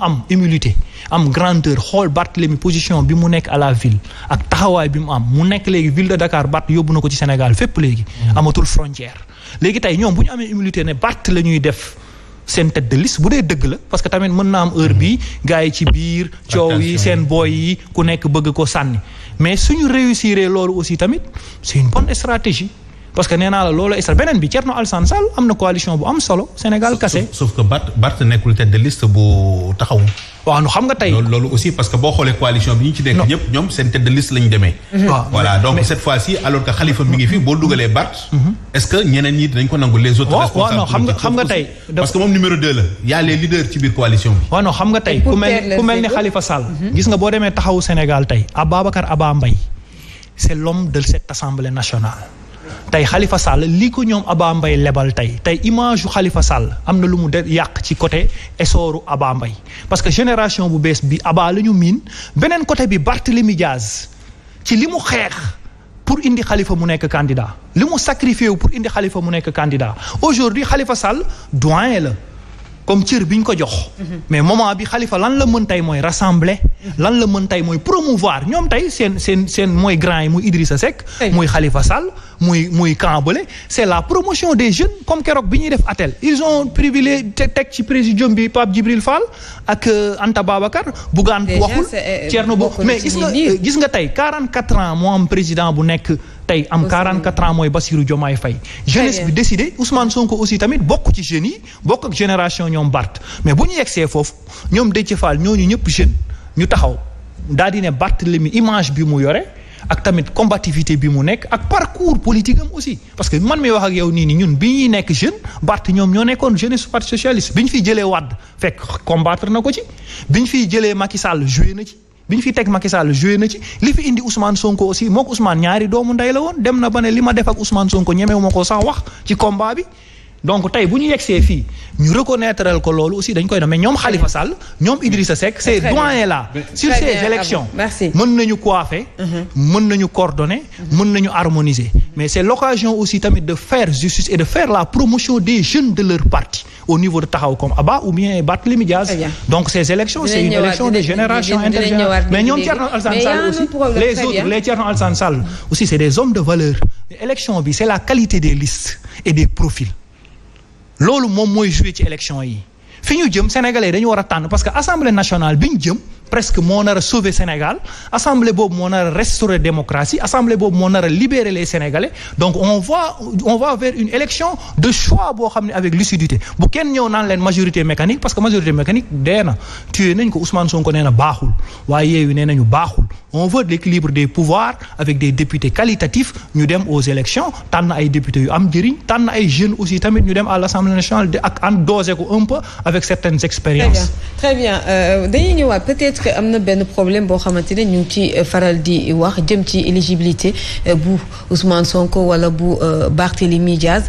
am humilité am granteur xool Barthélemy position bi mu nekk à la ville ak taxawaay bi mu am mu nekk léegi ville de Dakar Barth yóbbu na ko ci Sénégal fépp léegi. Mm-hmm. amatul frontière léegi tey ñoom bu ñu amee humilité ne Barth la ñuy def. seen tête de bu dee dëgg la parce que tamit mën na am heure bi mm-hmm. gars yi ci biir coow yi seen booy yi ku nekk bëgg ko sànni mais suñu réussiree loolu aussi tamit c'est une bonne stratégie parce que nee naa la loolu extra beneen bi Thierno Alassane Sall am na coalition bu am solo Sénégal kase sauf que Bart Bart nekkul tête de xam nga tey loolu aussi parce que boo xoolee coalition bi ñu ci nekk ñëpp ñoom seen tête de liste lañu demee mhm. voilà donc cette que Khalifa mi ngi fi boo dugalee Bart mhm. est-ce que ñeneen ñi dinañ ko nangu les xam nga tey parce que moom numéro deux la y a les leaders ci biir coalition bi waaw non xam nga tey ku mel ku mel ni Khalifa Sall mhm. gis nga boo demee taxawu Sénégal tey Ababacar Aba Mbaye c'est l'homme de cette assemblée nationale tey Khalifa Sall li ko ñoom Aba Mbaye lebal tey tey image yu Khalifa Sall am na lu mu de yàq ci côté essooru Aba Mbaye parce que génération bu bees bi Aba la ñu miin beneen côté bi Barthélemy Diaz ci li mu xeex pour indi xalifa mu nekk candidat li mu sacrifié wu pour indi xalifa mu nekk candidat aujourd'hui Khalifa Sall doyen la comme cër bi ñu ko jox mhm. mais moment bi Khalifa lan la mën tey mooy rassembler lan la mën tey mooy promouvoir ñoom tey seen seen seen mooy grand yi muy Idrissa Seck. muy xalifa Sall muy muy Kambale. c' est la promotion des jeunes comme keroog bi ñuy def atel ils ont privilégié teg ci présidium bi Pape Djibril Fall ak euh, Anta Babacar. Bougane waxul euh, Thierno Bo mais gis nga euh, gis nga tey 44 ans moo am président bu nekk. tey am 44 ans mooy Bassirou Diomaye Faye jeunesse bi décidé Ousmane Sonko aussi tamit bokk ci jeunes yi bokk ak génération ñoom Bart mais bu ñu yegsee foofu ñoom Déthié Fall ñooñu ñëpp jeune ñu taxaw daal di ne Barthélemy image bi mu yore ak tamit combativité bi mu nekk ak parcours politique am aussi parce que man mi wax ak yow nii nii ñun bi ñuy nekk jeune Barth ñoom ñoo nekkoon jeune parti socialiste bi ñu fiy jëlee Wade fekk combattre na ko ci bi ñu fiy jëlee Macky Sall na ci. bi ñu fi teg Macky Sall na ci li fi indi Ousmane Sonko aussi moo ko Ousmane ñaari doomu ndey la woon dem na ba ne li ma def ak Ousmane Sonko ñemewu ma ko sax wax ci combat bi. donc tey bu ñu see fii ñu reconnaître ko loolu aussi dañ koy na mais ñoom Khalifa Sall ñoom Idrissa Seck ces doyens là sur ces élections mën nañu coiffer mhm. mën nañu coordonner mhm. mën nañu harmoniser mais c'est l'occasion aussi tamit de faire justice et de faire la promotion des jeunes de leur parti au niveau de taxaw comme Abba ou bien Barthélémy Diaz donc ces élections c'est une élection des générations intergénérationnelles mais ñoom Thierno Alassane Sall aussi les autres bi la qualité des listes loolu moom mooy joué ci élection yi fi ñu jëm sénégalais yi dañu war a tànn parce que assemblée nationale bi ñu jëm presque moo nar a sauver Sénégal assemblée boobu moo nar a restaurer démocratie assemblée boobu moo nar a libérer les sénégalais donc on va on va vers une élection de choix boo xam ne avec lucidité bu kenn ñëw naan leen majorité mécanique parce que majorité mécanique dee na tué ko Ousmane Sonko nee na baaxul waaye yeeyu nee nañu baaxul. on veut l'équilibre des pouvoirs avec des députés qualitatifs ñu dem aux élections tànn ay députés yu am njëriñ tànn ay jeunes aussi tamit ñu dem à l'Assemblée nationale ak en dosé ko un peu avec certaines expériences. très bien très euh, dañuy ñëwaat peut-être am na benn problème boo xamante ne ñu ngi ci euh, faral di wax jëm ci éligibilité euh, bu Ousmane Sonko wala bu Barthélémy Diaz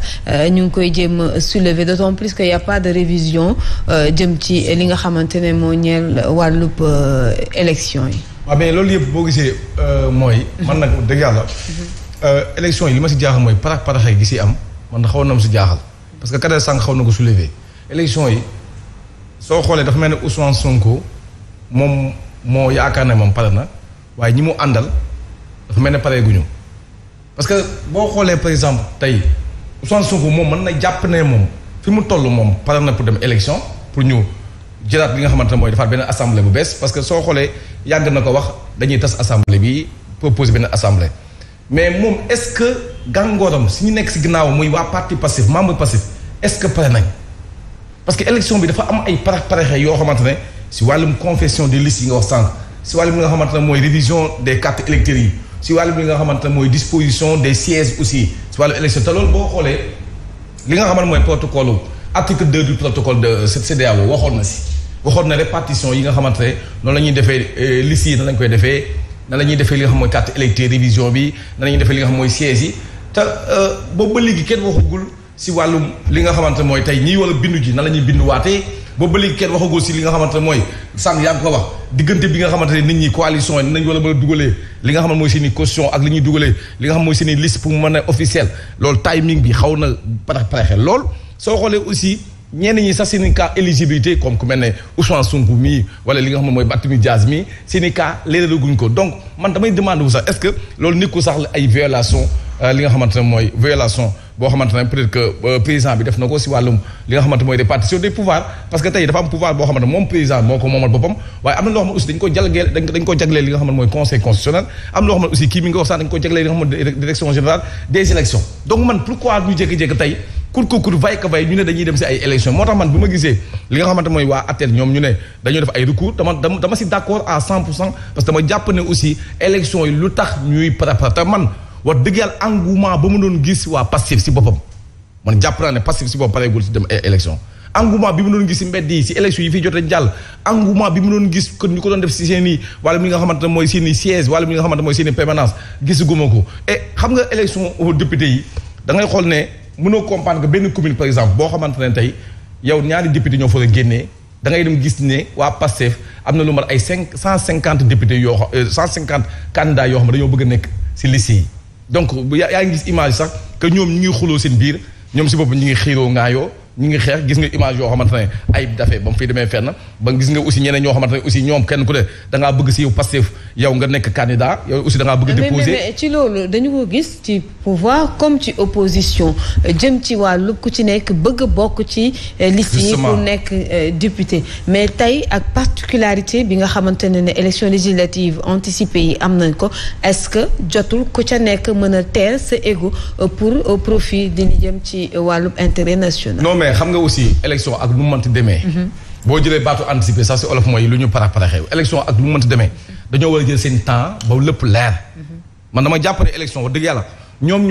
ñu ngi koy jéem a soulever d'autant plus que y a pas de révision jëm ci li nga xamante ne moo ñeel wàllub élection yi. waaw mais loolu yëpp boo gisee euh, mooy. man nag dëgg yàlla. Euh, élection yi li ma si jaaxal mooy parax parax gi si am man xaw na ma si jaaxal. parce que Kader Sànq xaw na ko soulever. élection yi soo xoolee dafa mel ne Ousmane Sonko moom moo yaakaar ne moom pare na waaye ñi mu àndal dafa mel ne pare ñu parce que boo xoolee par exemple tey Ousmane Sonko moom mën na jàpp ne moom fi mu toll moom pare na pour dem élection pour ñu. jëlaat li nga xamante ne mooy defaat benn assemblée bu bees parce que soo xoolee yàgg na ko wax dañuy tas assemblée bi proposé benn assemblée. mais moom est-ce que gàngooram si ñu nekk si ginnaaw muy waa parti passif membre passif est-ce que pare nañ parce que élection bi dafa am ay parax paraxe yoo xamante ne si wàllum confession des listes yi nga wax sànq si wàllum li nga xamante ne mooy révision des cartes électeurs yi si wàllum li nga xamante ne mooy disposition des sièges aussi si wàllum élection te loolu boo xoolee li nga xamante mooy protocole article 2 du protocole de CEDEAO waxoon na si waxoon na répartition yi nga xamante ne noonu la ñuy defee euh, liste yi nan lañ koy defee na la ñuy defee li nga xam mooy carte bi nan la li nga xam mooy siège yi te euh, boobu ba léegi waxagul si wàllum li nga xamante mooy tey ñii wala bindu ji nan la ñuy binduwaatee boobu ba léegi kenn waxagul si li nga xamante mooy sànq yaa ngi ko wax diggante bi nga xamante ne nit ñi coalition yi nañ wala mën a dugalee li nga xam ne mooy seen i caution ak li ñuy dugalee li nga xam mooy seen i liste pour mu mën a officiel loolu timing bi xaw na parax paraxe lool soo xoolee aussi ñeen ñi sax seen i cas éligibilité comme ku mel ne Ousmane Sonko mii wala li nga xam mooy Barthélémy Dias mii seen i cas leeralu guñ ko donc man damay demande wu sax est-ce que loolu nekkul sax ay violation euh, li nga xamante mooy violation boo xamante ne peut-être que euh, président bi def na ko si wàllum li nga xamante mooy répartition des pouvoirs parce que tey dafa am pouvoir boo xamante moom président moo ko moomal boppam waaye am na loo xam ne aussi dañ ko jalgeel dañ ko jagleel li nga xam mooy conseil constitutionnel am loo xam ne tey kur ko kur ñu ne dañuy dem si ay élection moo tax man bu ma gisee li nga xamante mooy waa ATEL ñoom pour cent parce que dama jàpp ne aussi élection yi lu tax ñuy préparé te man wax dëgg ba mu doon gis waa passif si boppam man jàpp naa ne passif si boppam pareegul si dem élection engouement bi mu doon gis si mbedd a i wala mi nga xamante ne mooy seen i siège wala mi nga xamante mooy seen ko et xam nga élection député yi da ngay ne munoo comprendre que benn commune par exemple boo xamante ne tey yow ñaari député ñoo fa génnee da ngay dem gis ne waa Pastef am na lu mat ay cinq cent cinquante députés yoo xam euh, cent cinquante candidats yoo xam ne dañoo bëgg a nekk si liste yi donc yaa ngi gis image sax que ñoom ñu ngi xuloo seen biir ñoom si boppam ñu ngi xiiroo ngaayoo ñu ngi xeex gis nga image yoo xamante ne ayib dafee ba mu fi demee fenn ba gis nga aussi ñeneen ñoo xamante ne aussi ñoom kenn ku ne da bëgg si yow Pastef yow nga nekk candidat yow aussi da ngaa bëgg ci loolu dañu ko jëm ci wàllu ku ci nekk bëgg bokk ci eh, liste yi pour nekk eh, député mais tey ak particularité bi nga xamante ne ne élection législative anticipée yi am nañ ko est-ce que jotul ku ca nekk mën a teel sa égo eh, pour profit dina jëm ci wàllu intérêt national mais xam nga aussi élection ak lu mu mënti demee. boo jëlee baatu anticiper ça si olof mooy lu ñu para para xew élection ak lu mu mënti demee dañoo war a jël seen temps ba lépp leer. man dama jàpp ne élection dëgg yàlla ñoom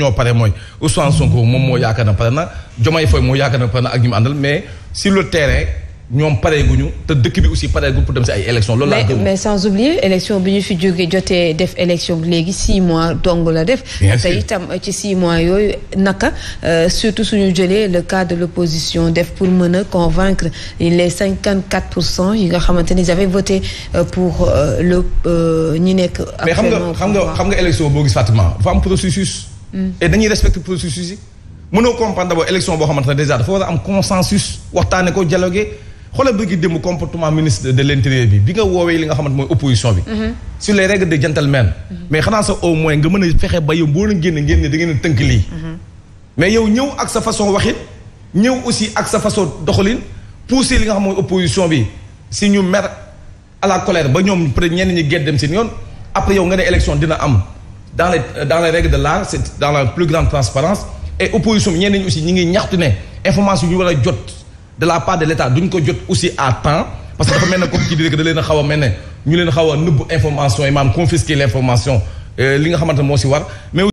ñoo pare mooy Ousmane Sonko moom moo yaakaar pare na Diomaye Faye moo yaakaar pare na ak ñu àndal mais sur le terrain. ñoom pareeguñu te dëkk bi aussi pareeguñ pour dem si ay élection loolu laa gëm mais sans oublier élection bi ñu fi jógee jotee def élection bi léegi six mois dong la def te itam ci six mois yooyu naka euh, surtout suñu jëlee le cas de l'opposition def pour mën a convaincre les cinquante quatre pour cent yi nga xamante ni ils avaient euh, pour euh, le ñu nekk mais xam nga xam nga xam nga élection boo gis Fatima dafa am processus hmm. et dañuy respecter processus yi mënoo comprendre d'abord élection boo xamante ne déjà dafa war a am consensus ko dialoguer xoolal bëgg démb comportement ministre de l' intérieur bi bi nga woowee li nga xamante mooy opposition bi. Mhm. sur les règles de gentleman. Mhm. mais xanaa sax au moins nga mën a fexe ba yow boo leen génne ngeen ne tënk lii. Mhm. mais yow ñëw ak sa façon waxin ñëw aussi ak sa façon doxalin pousser li nga xam mooy opposition bi si ñu mer à la colère ba ñoom peut être ñenn ñi gedd dem seen yoon après yow nga ne élection dina am dans les dans les règles de l'art c'est dans la plus grande transparence et opposition bi ngi ñaxtu information yu a jot. de la part de l'État duñ ko jot aussi à temps parce que dafa mel ne comme qui dirait que da mel ne ñu leen xaw a information yi maanaam confisquer l'information euh, li nga xamante moo si war mais